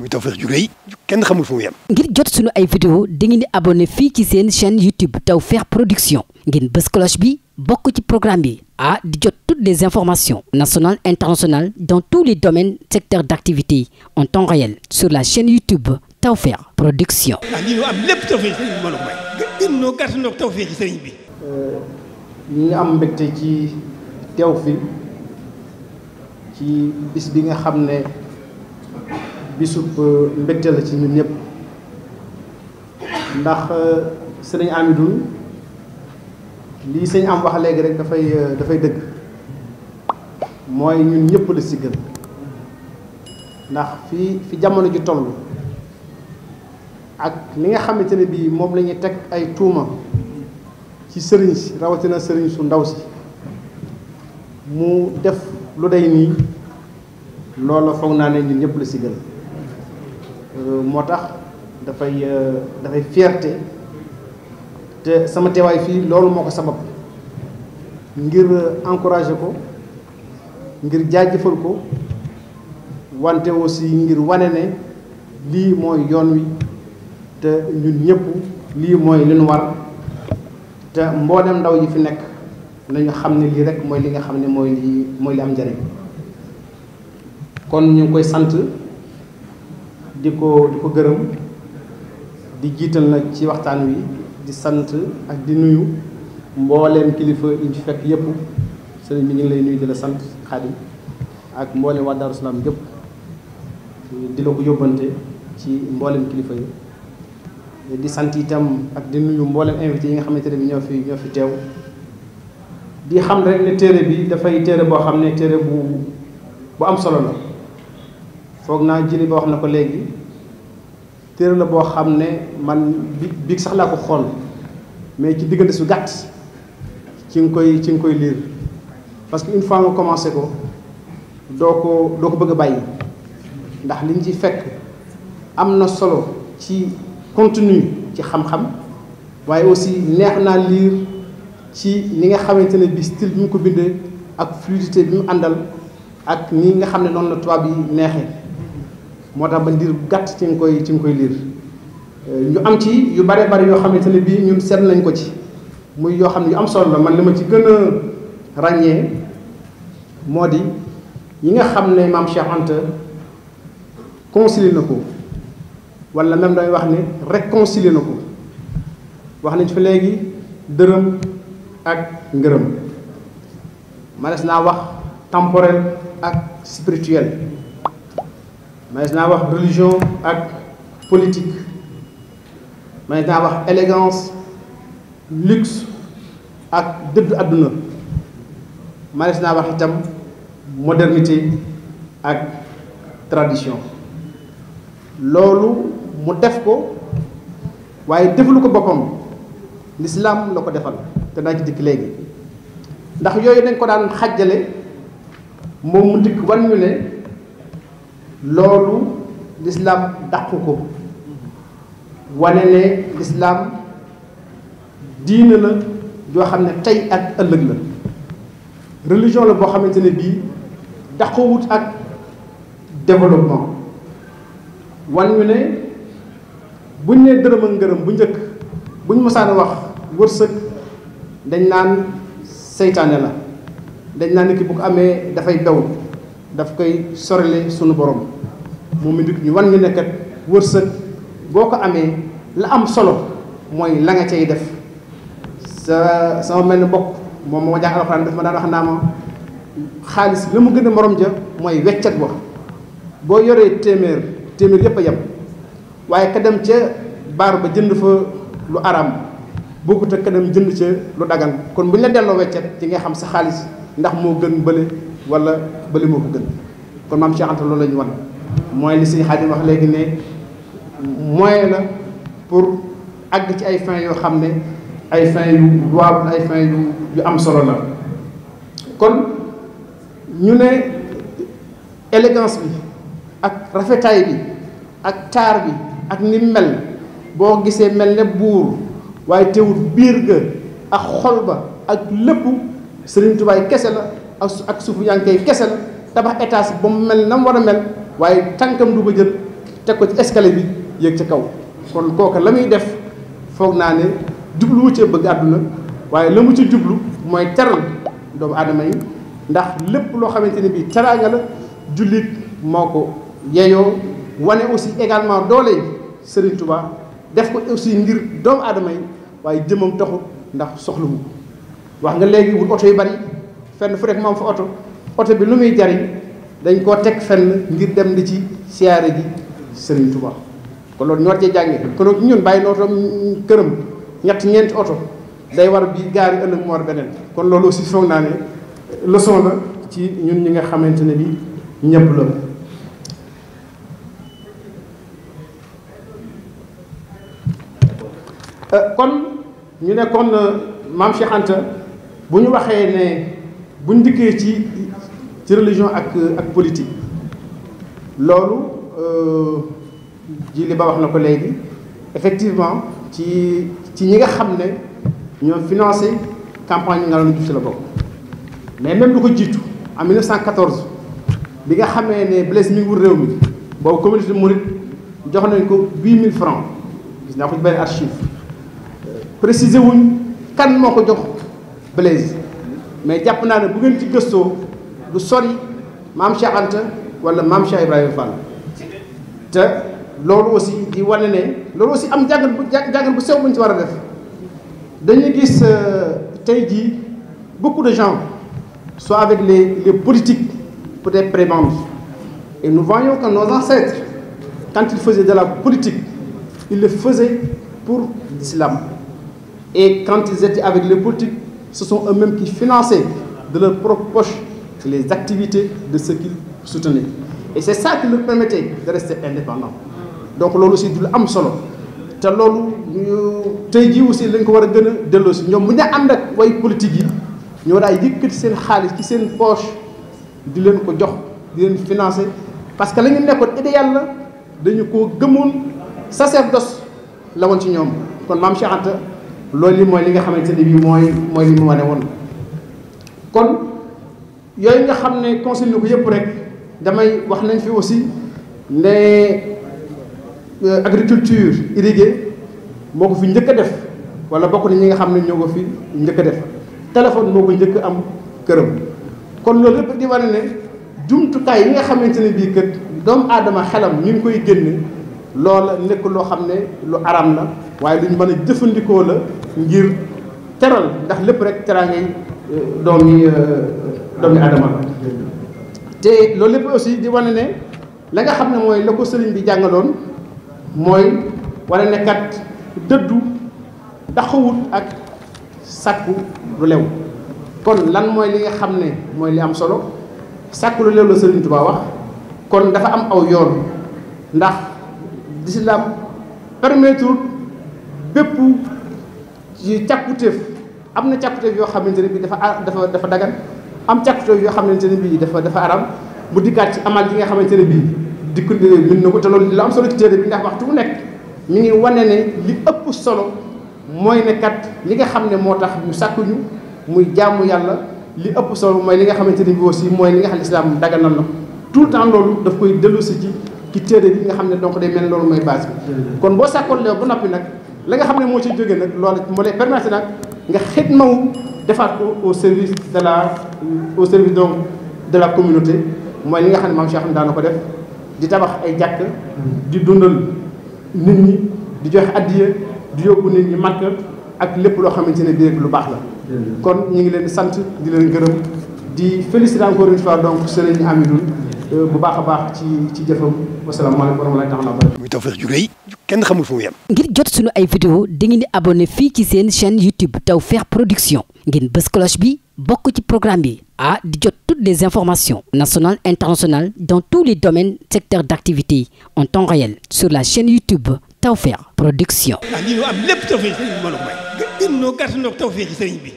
muy Tawfekh ju rëy kenn xamul fu mu yem. ngir jot sunu ay vidéo dangeen di abonné fii ci seen chaîne YouTube Tawfekh Production ngeen bës bi bokk ci programme bi ah di jot toutes les informations nationales internationales dans tous les domaines secteurs d'activité en temps réel sur la chaîne YouTube Tawfekh Production. ah lii ñu am lépp Tawfekh sëriñ bi mbooloo mooy. bi. Euh, ñu ngi am mbégte ci teew fi ci bis bi nga xam ne. bisub euh, mbégte la ci ñun ñëpp ndax euh, sëriñ Amidoune lii sëñ am wax léegi rek dafay euh, dafay dëgg mooy ñun ñëpp la siggal ndax fi fi jamono ji toll ak li nga xamante ne bii moom lañuy teg ay tuuma ci sëriñ si rawatina sëriñ su ndaw si mu def lu day nii loolu foog naa ne ñun ñëpp la siggal Euh, moo tax dafay euh, dafay fierté te sama teewaay fii loolu moo ko sabab ngir euh, encourager ko ngir jaajëfal ko wante aussi ngir wane ne lii mooy yoon wi te ñun ñëpp lii mooy li ñu war te mboolem ndaw yi fi nekk nañu xam ne lii rek mooy li nga xam ne mooy lii mooy li am njëriñ kon ñu koy sant di ko di ko gërëm di jiital nag ci waxtaan wi di sant ak di nuyu mbooleem kilifa yi ñu fekk yépp sëriñ bi ñu ngi lay nuyu di la sant Xaadim ak mbooleem waa Daaru Salaam di la ko yóbbante ci mbooleem kilifa yi di sant yi itam ak di nuyu mboolem invité yi nga xamante ne bi ñoo fi ñoo fi teew di xam rek ne téere bi dafay téere boo xam ne téere bu bu am solo la foog naa jëli boo xam na ko léegi téere la boo xam ne man bi biig sax laa ko xool mais ci diggante su gàtt ci nga koy ci nga koy liir parce que une fois nga commencé ko doo ko doo ko bëgg a bàyyi ndax liñ ci fekk am na solo ci contenu ci xam-xam waaye aussi neex naa lire ci ni nga xamante ne bi style bi mu ko bindee ak fluidité bi mu àndal ak ni nga xam ne noonu la tubaab yi neexee moo tax ba liir gàtt ci nga koy ci nga koy liir euh, ñu am ci yu bare bari yoo xamante ne bii ñun seet nañ ko ci muy yoo xam ne yu am solo la man ne ma ci gën a ràññee moo di yi nga xam ne maam Cheikh Anta na ko wala même day wax ne réconcilié na ko wax nañ fi léegi dërëm ak ngërëm manees naa wax temporel ak spirituel mais naa wax religion ak politique mais naa wax élégance luxe ak dëdd àdduna mais naa wax itam modernité ak tradition loolu mu def ko waaye defalu ko boppam lislaam la ko defal te naa ci dikk léegi ndax yooyu dañ ko daan xajale moom mu dikk wan ñu ne loolu lislaam dàqu ko wane ne lislaam diine la joo xam ne tey ak ëllëg la religion la boo xamante ne bii dàquwut ak développement wan ñu ne buñ nee dërëm ak ngërëm bu njëkk buñ mosaan wax wërsëg dañ naan seytaane la dañ naan nit bu ko amee dafay bew daf koy sorile sunu borom moom it ñu wan ñu nekkat wërsëg boo ko amee la am solo mooy la nga cay def sa sama mel ni bokk moom ma jaax alxuraan daf ma daan wax naa ma xaalis la mu gën a morom ja mooy weccat wax boo yoree téeméer téeméer yëpp a yem waaye ka dem ca baar ba jënd fa lu araam bokkut ak ka dem jënd ca lu dagan kon bu ñu la delloo weccat ci ngay xam sa xaalis ndax moo gën bële wala bële moo ko gën kon maam Cheikh Anta loolu la ñu wan si li sëñ Xaadim wax léegi ne moyen la pour àgg ci ay fin yoo xam ne ay fin yu duwaab ay fin yu yu am solo la kon ñu ne élégance bi ak rafetaay bi ak taar bi ak ni mel boo gisee mel ne buur waaye teewul biir ga ak xol ba ak lépp Sëriñ Tubaay kese la ak ak suufu yaa ngi koy tabax étage ba mu mel na mu war a mel waaye tànkam du ba jël teg ko ci escalier bi yéeg ci kaw kon kooka la muy def foog naa ne jubluwu cee bëgg àdduna waaye la mu ci jublu mooy teral doomu aadama yi ndax lépp loo xamante ne bii teraanga la jullit moo ko yeyoo wane aussi également doole yi Serigne Touba def ko aussi ngir doomu aadama yi waaye jëmam taxul ndax soxla wax nga léegi wut oto yu bari fenn fu rek moom fa oto oto bi lu muy jariñ dañ koo teg fenn ngir dem di ci siyaare ji Sëriñ Tuubaa kon loolu ñu war cee jàngee kon bàyyi na oto këram ñeenti oto day war bi gaari ëllëg mu war beneen kon loolu aussi foog naa ne leçon la ci ñun ñi nga xamante ne bi ñépp la euh, kon ñu ne kon euh, maam Cheikh Anta bu ñu waxee ne buñ ndikkee ci ci religion ak ak politique loolu euh, ji li ba wax na ko léegi effectivement ci ci ñi nga xam ne ñoom financé campagne bi Ngalandou Diouf ci la bokk mais même lu ko jiitu am cent 1914 bi nga xamee ne Blaise mi ngi wut réew mi boobu communauté mouride jox nañ ko mille francs gis naa ko ci benn archive préciser wuñ kan moo ko jox Blaise mais jàpp naa ne bu ngeen ci gëstoo du sori maam Cheikh Anta wala maam Cheikh Ibrahima te loolu aussi di wane ne loolu aussi am jàngat bu jàngat bu sew bu ñu ci war a def dañuy gis euh, tey jii beaucoup de gens soit avec les les politiques peut-être prébendes et nous voyons que nos ancêtres quand ils faisaient de la politique ils le faisaient pour l'islam et quand ils étaient avec les politiques Ce sont eux-mêmes qui finançaient de leur poche les activités de ceux qu'ils soutenaient. Et c'est ça qui leur permettait de rester indépendants. Donc loolu si du la am solo te loolu tey jii aussi lañ ko war a gën a delloo si ñoom bu ñu ànd ak way politique yi ñoo daay yëkkati seen xaalis ci seen poche di leen ko jox di leen financer parce que lañu ñu nekkoon idéal la dañu koo gëmoon sacerdoce la woon ci ñoom kon maam Cheikh loolu li mooy li nga xamante ne bii mooy mooy li mu wane woon kon yooyu nga xam ne conseil ko yëpp rek damay wax nañ fi aussi ne euh, agriculture irriguée moo ko fi njëkk a def wala bokk na ñi nga xam ne ñoo ko fi njëkk def téléphone moo ko njëkk am këram kon loolu yëpp di wane ne jumtukaay yi nga xamante ne bii kët doomu aadama xelam ñu ngi koy génne loola nekk loo xam ne lu aram la waaye lu mën a jëfandikoo la ngir teral ndax lépp rek teraangay euh, doomi euh, doomi adama la te loolu lépp aussi di wane ne la nga xam ne mooy la ko sëriñ bi jàngaloon mooy wane nekkat kat dëddu daxawut ak sàkku lu lew kon lan mooy li nga xam ne mooy li am solo sàkku lu lew la sëriñ Tuubaa kon dafa am aw yoon ndax l'islam permettre bépp ci càkkutéef am na càkkutéef yoo xamante ne bi dafa dafa dafa dagan am càkkutéef yoo xamante ne bii dafa dafa aram mu dikkaat ci amal gi nga xamante ne bii dikku ne mën na ko te loolu la am solo ci téere bi ndax waxtu bu nekk mi ngi wane ne li ëpp solo mooy ne kat li nga xam ne moo tax ñu sàkkuñu muy jaamu yàlla li ëpp solo mooy li nga xamante ne bi aussi mooy li nga xam ne islam daganal na tout le temps loolu daf koy dellu si ci ci téere bi nga xam ne donc day mel ne loolu mooy base bi kon boo sàkkoon leew ba noppi nag la nga xam ne moo ci jógee nag loolu moo lay permettre nag nga xidmawu defaat ko au service de la au service donc de la communauté mooy li nga xam ne maam Cheikh daana ko def di tabax ay jàkk di dundal nit ñi di joxe addiya di yóbbu nit ñi màkk ak lépp loo xamante ne bii lu baax la kon ñu ngi leen di sant di leen gërëm di féliciter encore une fois donc Serigne Amidoune Euh, bu baax a baax ci ci jëfam wasalaamaaleykum wa rahmatulah taala muy Tawfekh ju kenn xamul fu mu ngir jot sunu ay vidéo dangeen di abonné fii ci seen chaîne YouTube Tawfekh Production ngeen bës cloche bi bokk ci programme bi ah di jot toutes des informations national internationales dans tous les domaines secteurs d'activité en temps réel sur la chaîne YouTube Tawfekh Production. ah lii